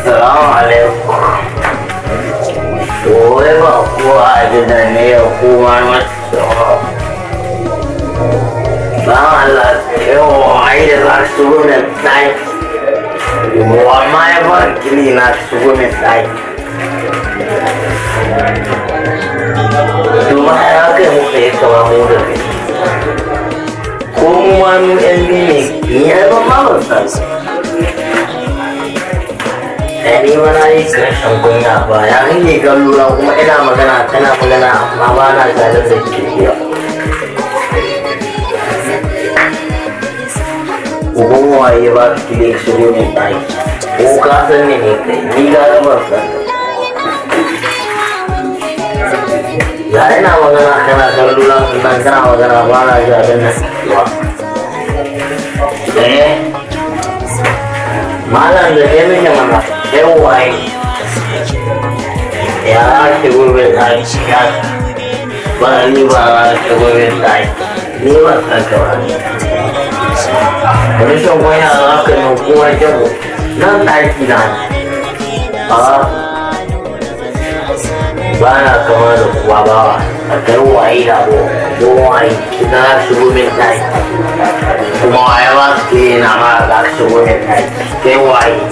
Salamu alaikum. Wai ba kowa a gidan ne ya kuma masu Ba Allah yau ai da za su gome tsai. Wa ma ya ba gini na su ya kai mu yi kama mu da Ko mu ma ɗan ne, ni ya ba ma sa. ai ni ma na yi rashin kunya ba ya rage gallura kuma ina magana tana magana amma ba na zalar da ke biya uban waye ba su kile su zo ne ɗaki ko ka san ne ne kai ni ga ban san ya ina magana kana gallura kuma kana magana ba na zalar da ke biya Malam da ya mana. yawaye da suka a ya ake gurbin haji ba ni ba ake gurbin haji ni ba san ka ba wani shan waya za ka yi kuma jabo No está al final. ba na kama da los guababas. a que waye da ko ko waye na ba su na ma za ka shigo min ɗaki guay.